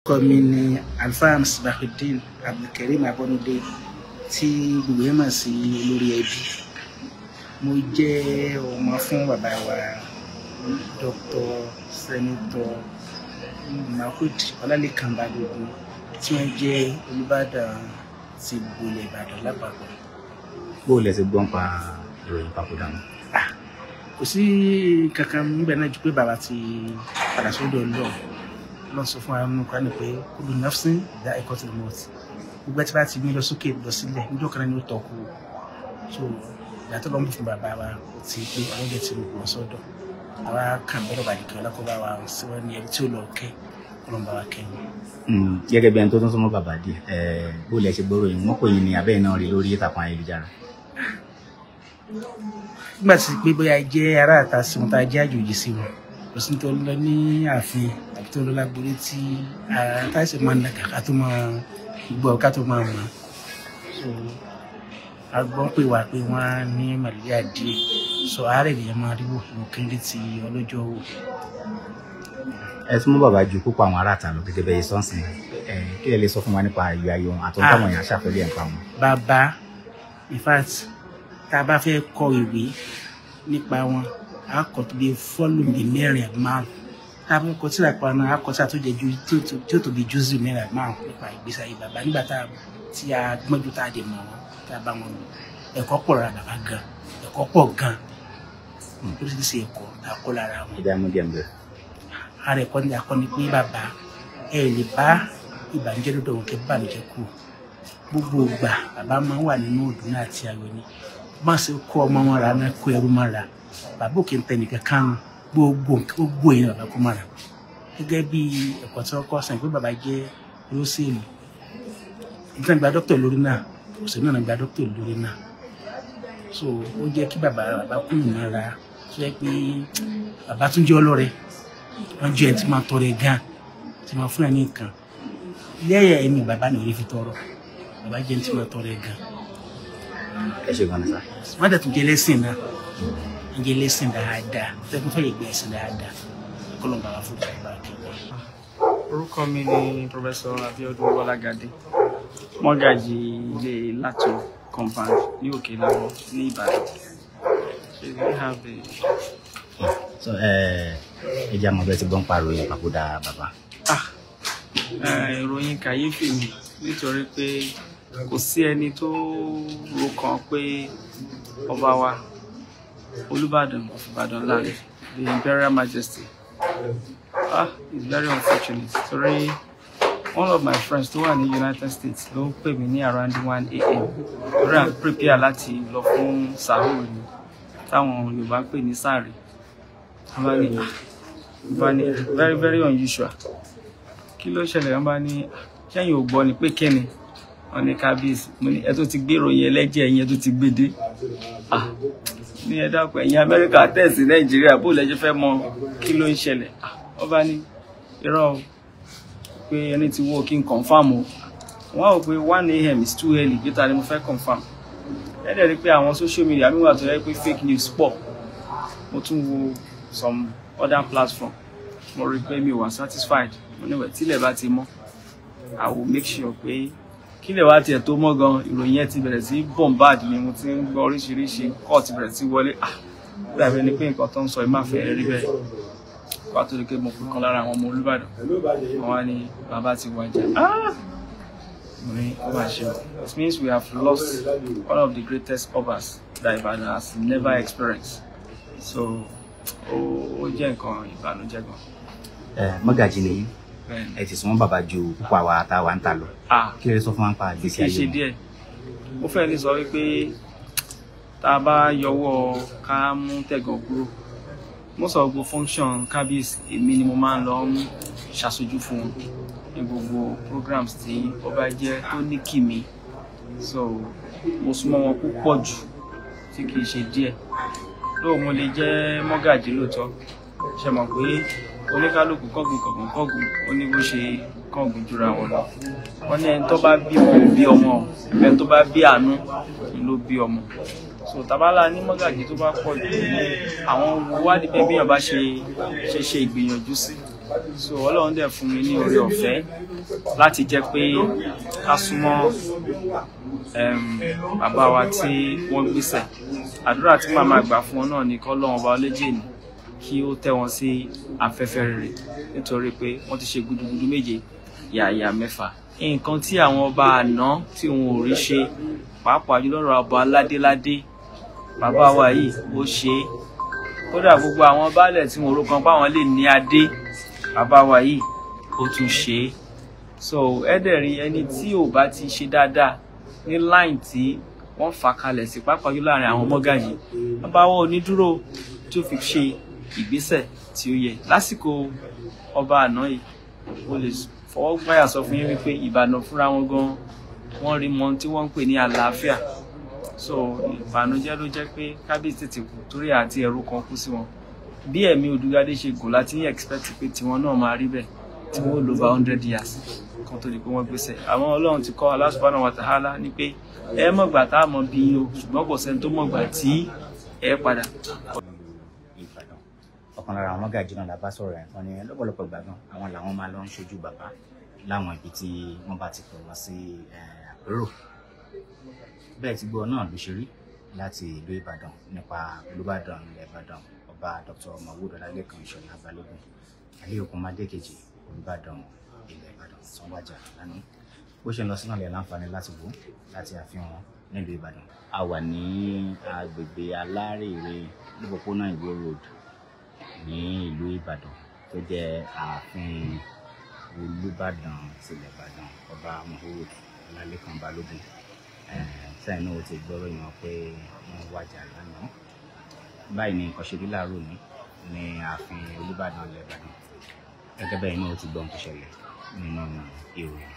orúkọ mi ni alfaham sibahudeen abdulkareem abọ́nudé tí gbogbo yẹn mọ̀ sí olórí ẹbí mo jẹ́ ọmọ fún bàbá wa dr sẹ́nitọ́ mahud ọlálẹ́kan balógun tí wọ́n jẹ́ olùbàdàn ti gbolẹ̀ ìbàdàn lápapọ̀. bó o lẹ ti gbọ́n pa ìròyìn papòdà mọ́. Ah, kò sí kankan níbẹ̀ náà ju pé bàbá ti padà sọ́dọ̀ lọ́n sọ fún àwọn nǹkan ni pé kúlù nafsin dá ẹ̀kọ́ ti mọ̀ ọ́tì gbogbo ẹtí bá ti gbé lọ sókè lọ sílẹ̀ níjọ́ kan ní ó tọ̀ kú so ìyàtọ̀ lọ́n bù fún bàbá wa ti pé ọlọ́dẹ ti rò wọ́n sọ́dọ̀ àwa kàn bọ́dọ̀ bàdì kí ọlọ́kọ̀ọ́bá wa sí wọn ní ẹni tí ó lọ kẹ́ ọlọ́mọba wa kẹ́ hmm, gẹ́gẹ́ bí ẹni tó tún súnmọ́ bàbá dì eh, bó lẹ ṣe gbọ́rọ̀ yìí wọ́n pè yín ní abẹ́yìn náà rí lórí ìtàkùn ayélujára. nígbà tí pé bóyá jẹ́ aráàta sí wọn tá a jẹ́ àjòjì sí wọn kò sí ní lọ ní ààfin tó lọ lágbóró tí ara tá a ṣe máa ń dàgbà ká tó máa gbọ́ ká tó máa a gbọ́ pé wà pé wọ́n á ní màlúwà díẹ̀ sọ àárẹ̀ lèyàn máa rí wò ló kéré ti ọlọ́jọ́ wò. ẹ tún mú bàbá ju púpọ̀ àwọn aráàta lọ gẹ́gẹ́ bẹ́ẹ̀ sọ́ọ̀sìn ẹ kí ẹ lè sọ fún wa nípa ìyá ayọ̀ àtọ́jú àwọn èèyàn aṣàfẹ́lẹ́ ẹ̀ ń pa wọn. bàbá in fact tá a bá fẹ́ kọ ìwé nípa wọn a kọ tó bí fọ́lùmí mẹ́rin márùn àwọn nǹkan tí àpò àná akọta ju jẹ tí ó to be mẹ́rin márùn nípa ìgbésí ayé bàbá nígbà tá tí a gbọ́njú tá a dè mọ̀ wọn tá a bá wọn lò ẹ̀kọ́ pọ̀ lára bàbá gan ẹ̀kọ́ pọ̀ gan oríṣiríṣi ẹ̀kọ́ tá a kọ́ lára wọn. ìdá amúdíà ń bẹ. ara ẹ̀kọ́ ni akọ́ni pé bàbá ẹ lè bá ìbànújẹ́ lọ́dọ̀ wọn kẹ́ bànújẹ́ kù gbogbo ìgbà bàbá máa ń wà nínú òdùnnú àti ayọ̀ ni má ṣe kó ọmọ wọn rà náà kó ẹrú má rà bàbá òkè ń tẹ gbogbo nǹkan gbogbo èèyàn lọ́kọ́ mọ́ra gẹ́gẹ́ bí ẹ̀kọ́ tí wọ́n kọ́ sàn pé bàbá jẹ́ olóṣèlú nígbà gba dókítà lórí náà òṣèlú náà gba dókítà lórí náà so ó jẹ́ kí bàbá bàbá kú ìnira tó yẹ pé bàbá tún jẹ́ ọlọ́rẹ wọ́n jẹ́ tí máa tọrẹ gan tí máa fún ẹ ní nǹkan lẹ́yìn ẹ̀mí bàbá ni òye fi tọrọ bàbá jẹ́ tí máa tọrẹ gan. ẹ ṣe gbọ́n ní sá. wọ́n dẹ̀ tún jẹ́ lẹ́sìn náà jẹ́ lẹ́sìn dáadáa tẹ́kùn fẹ́ ìgbẹ́ ẹ̀sìn dáadáa kọ́lọ́n bàbá fún ìgbà kẹwàá. orúkọ mi ni Professor Abiodun Bọ́lágadé mọ́gàjì ilé Látọ̀ compound ní Òkè Láwọ̀ ní Ìbàdàn. so ẹ jẹ́ àmọ́ bẹ́ẹ̀ ti gbọ́n pariwo yẹn papòdà bàbá. Ah, ìròyìn kàyéfì ni nítorí pé kò sí ẹni tó ro kan pé ọba wa Olubadan of Ibadan land, the Imperial Majesty. Ah, it's very unfortunate. Sorry, one of my friends tó wà ní United States ló pay me mí around one a.m. lórí à ń prepare láti lọ fún sahur ni táwọn Yorùbá ń pè ní sáré. Bá ah, very very unusual. Kí ló ṣẹlẹ̀ wọ́n bá ní ah, ṣẹ́yìn ò wọn ní kábíyèsí mo ní ẹ tó ti gbé ìròyìn ẹlẹ́jẹ̀ yẹn tó ti gbédé ní ẹ dákun ẹ̀yin amẹ́ríkà tẹ̀sí nàìjíríà bó lẹ́jọ́ fẹ́ mọ kí ló ń ṣẹlẹ̀ wọ́n bá ní irọ́ pé ẹni tí wọ́n kí n confam o wọ́n á pé one a.m. is too early gbẹ́ta ni mo fẹ́ confam ẹ dẹ̀ rí pé àwọn social media mi wà tó yẹ pé fake news pọ̀ mo tún wo some other platform mo rí pé mi wà satisfied mo níwẹ̀ tílẹ̀ bá ti mọ́ i will make sure pé. Okay? kílẹ̀ wá tiẹ̀ tó mọ́ gan ìròyìn yẹn ti bẹ̀rẹ̀ sí bombard ni mo ti ń gbọ́ oríṣiríṣi court bẹ̀rẹ̀ sí wọlé ah, dàbí ẹni pé nǹkan tó ń sọ yìí rí bẹ́ẹ̀ wá tó di mo kan lára àwọn ọmọ Olúbàdàn wọn wá ní bàbá ti wájà ah! mo ní ó máa ṣe it means we have lost one of the greatest obas that Ibadan has never experienced so ó jẹ́ nǹkan ìbànújẹ́ gan. ẹ eh, mọ́gàjì nìyí ẹ ti sún bàbá ju púpọ̀ àwa táwa ń ta lọ kí lè sọ fún wa ń pa gbèsè ayé wọn. kì í ṣe díẹ̀ mo fẹ́ lè sọ wípé tá a bá yọwọ́ ká mú tẹ̀gàn kúrò mo sọ gbogbo function kábíyèsí èmi ni mo máa ń lọ ṣàṣojú fún un ní gbogbo programs tí ó bá jẹ́ tó ní kì mí so mo súnmọ́ wọn púpọ̀ jù tí kì í ṣe díẹ̀ lóò mo lè jẹ́ mọ́gàjì ṣe mọ̀ pé oníkálukú kọ́gùn kọ̀gùn kọ́gùn ó ní bó ṣe kọ́gùn jura wọn lọ wọn ní ẹni tó bá bí ọmọ bí ọmọ ẹni tó bá bí àánú ló bí ọmọ so tabala ní mọ́gàjì tó bá pọ̀ jù àwọn wádìí bẹ́ẹ̀ bí yàn bá ṣe ṣe ṣe ìgbìyànjú sí so ọlọ́run dẹ̀ fún mi ní orí ọ̀fẹ́ láti jẹ́ pé ká súnmọ́ bàbá wa tí wọ́n gbéṣẹ̀ àdúrà tí màmá gbà fún ọ náà ni kọ́ lọ́wọ́n ọba ọlẹ́jẹ̀ ni kí ó tẹ́ wọn sí afẹ́fẹ́ rere nítorí pé wọ́n ti ṣe gudugudu méje yàyà mẹ́fà nǹkan tí àwọn ọba àná tí wọn ò rí ṣe pàápàá jùlọ ọ̀rọ̀ ọba aládéládé bàbá wa yìí ó ṣe é kódà gbogbo àwọn baálẹ̀ tí wọn orúkọ báwọn lè ní adé bàbá wa yìí ó tún ṣe é so ẹdẹrin ẹni tí ò bá ti ṣe dáadáa ní láìn tí wọ́n fà kalẹ̀ sí pàápàá jùlọ láàrin àwọn mọgàjì bàbá wọn ò ní dúró tó fi ṣe ìgbésẹ̀ tí ó yẹ lásìkò ọba àná yìí o lè fọwọ́ gbáyà sọ fún yín wípé ìbàdàn fúnra wọn gan wọ́n rí mọ tí wọ́n ń pè ní àlàáfíà so ìbànújẹ́ ló jẹ́ pé kábíyèsí tètè kú torí àti ẹ̀rù kan kú sí wọn bí ẹ̀mí Odùgadé ṣe gùn láti ní expect pé tiwọn náà máa rí bẹ́ẹ̀ tí wọ́n lò bá hundred years kan tó di pé wọ́n gbèsè àwọn ọlọ́run ti kọ́ Allah subhanahu wa ta'ala ni pé ẹ mọ̀gbà tá a mọ̀ bí o ṣùgbọ́n kò sẹ́ni tó mọ̀gbà tí ẹ padà ọ̀kan lára àwọn gàjí náà làbá sọ̀rọ̀ ẹ̀ wọ́n ní lọ́pọ̀lọpọ̀ ìgbà gan àwọn làwọn máa lọ ń ṣojú bàbá láwọn ibi tí wọ́n bá ti pè wọ́n sí àpérò bẹ́ẹ̀ tí gbọ́ náà ló ṣe rí láti ìlú Ìbàdàn nípa Olúbàdàn ilẹ̀ Ìbàdàn ọba Dr. Mahmood Ọlálékan Ìṣọ̀lá Balógun Alẹ́okùn Mádékèjì Olúbàdàn ilẹ̀ Ìbàdàn sanwó-àjà lánàá bó ṣe lọ sí náà lè láǹfààní láti wò láti àfihàn nílùú Ìbàdàn a wà ní agbègbè alárèrè nípòpónà Ìwó road ní ìlú ìbàdàn tó jẹ́ ààfin olùbàdàn tilẹ̀ ìbàdàn ọba mohood ọlálẹ́kan balógun sẹ́yìn náà ó ti gbọ́rọ̀ yàn pé wọ́n wájà lánàá báyìí ni nǹkan ṣe rí láàárọ̀ ní ní ààfin olùbàdàn ilẹ̀ ìbàdàn gẹ́gẹ́ bẹ́ẹ̀ náà ó ti gbọ́ nǹkan ṣẹlẹ̀ nínú ìròyìn.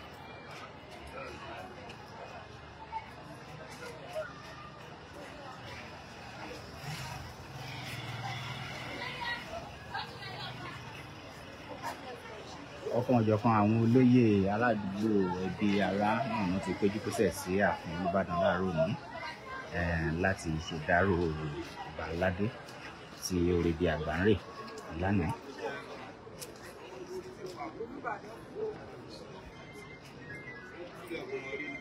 ọ̀kan ọ̀jọ̀kan àwọn olóyè aládùúgbò ẹbí ará náà wọ́n ti péjú pésẹ̀ sí ààfin olùbàdàn láàárọ̀ òní eh, láti ṣèdárò ìbàládé ti oríbi àgbáńrè lánàá. Thank you.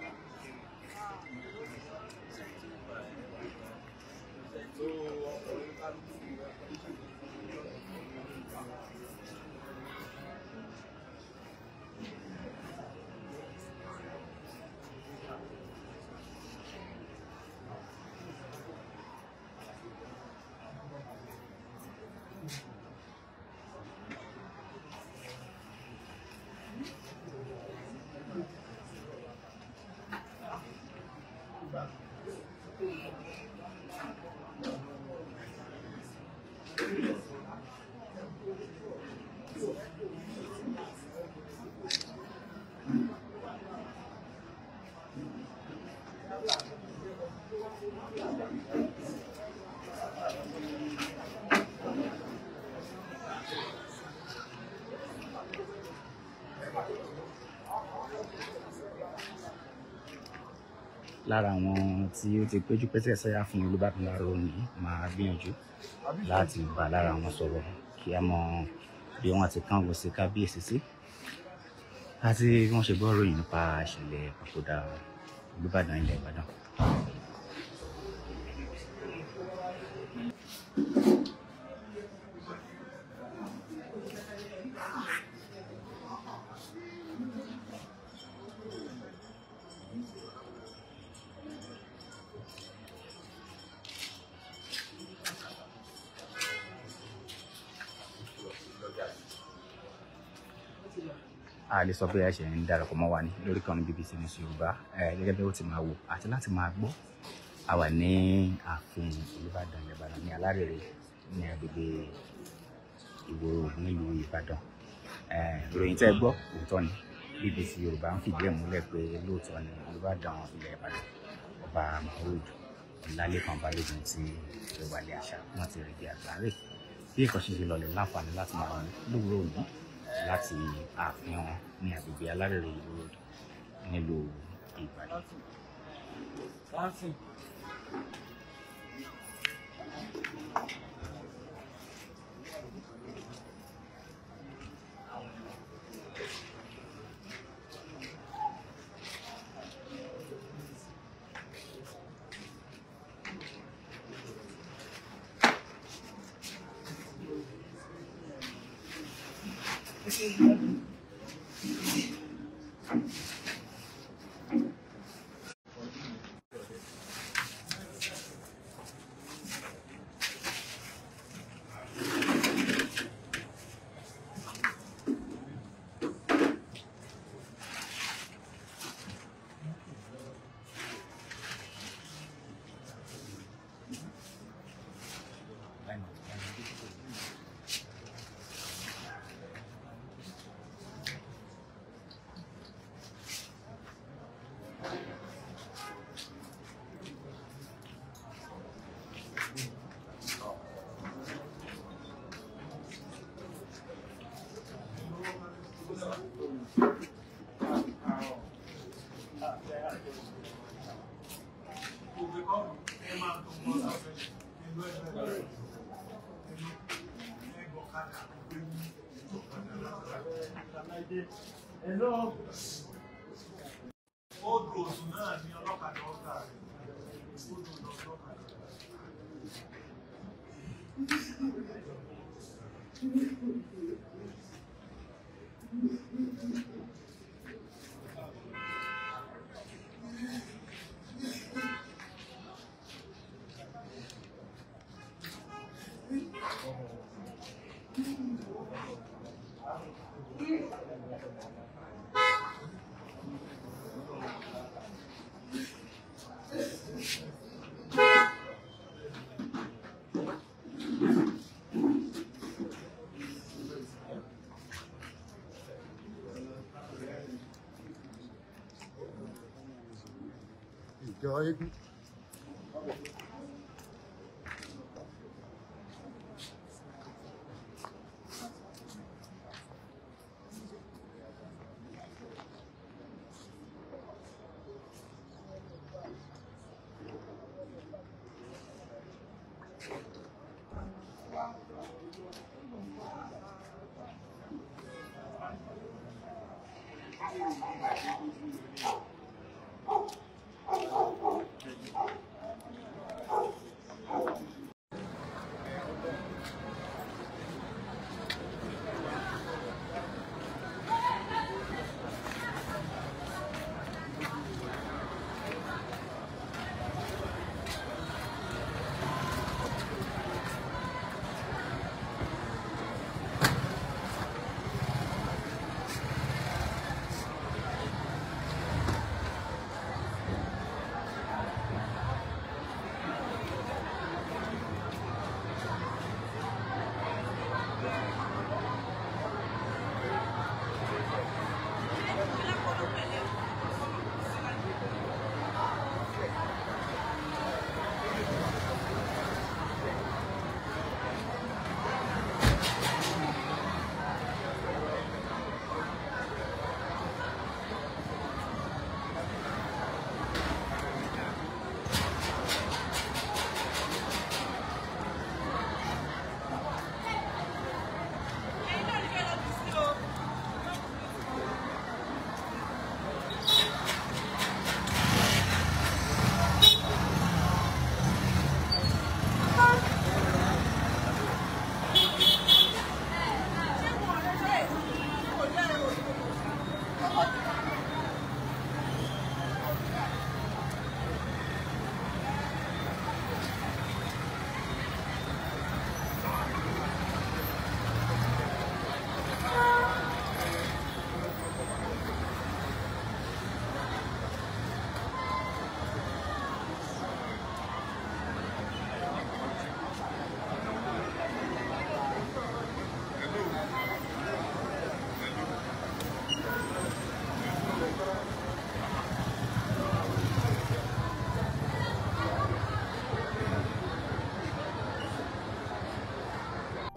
Thank you. lára àwọn tí ó ti péjú pésẹ̀ sẹ́yà fún Olúbàdàn lónìí máa gbìyànjú láti bá lára wọn sọ̀rọ̀ kí a mọ bí wọ́n ti kánwó sí kábíyèsí sí àti bí wọ́n ṣe gbọ́ ròyìn nípa ìṣẹ̀lẹ̀ papòdà Olúbàdàn ilẹ̀ Ìbàdàn. a lè sọ pé ẹ ṣe ń darapọ̀ mọ́ wa ní lórí kan ní BBC News Yorùbá gẹ́gẹ́ bí ó ti máa wò àti láti máa gbọ́ a wà ní ààfin Olúbàdàn Ìbàdàn ní alárèrè ní agbègbè ìwò nílùú Ìbàdàn ìròyìn tẹ́ gbọ́ òótọ́ ni BBC Yorùbá ń fìdí ẹ̀ múlẹ̀ pé lóòótọ́ ni Olúbàdàn ilẹ̀ Ìbàdàn ọba Maulud Ọlálékan Balógun ti ìwàlẹ̀ àṣà wọn ti rí bí àgbáre bí ìkànṣe ti lọlẹ̀ láǹfààní láti ààfin wọn ní agbègbè alárèrè road nílùú Ìbàdàn. Thank you. Obrigada. Hello. Ja, irgendwie.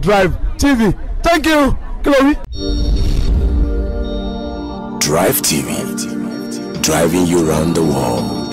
drive tv thank you Chloe. drive tv driving you round the world.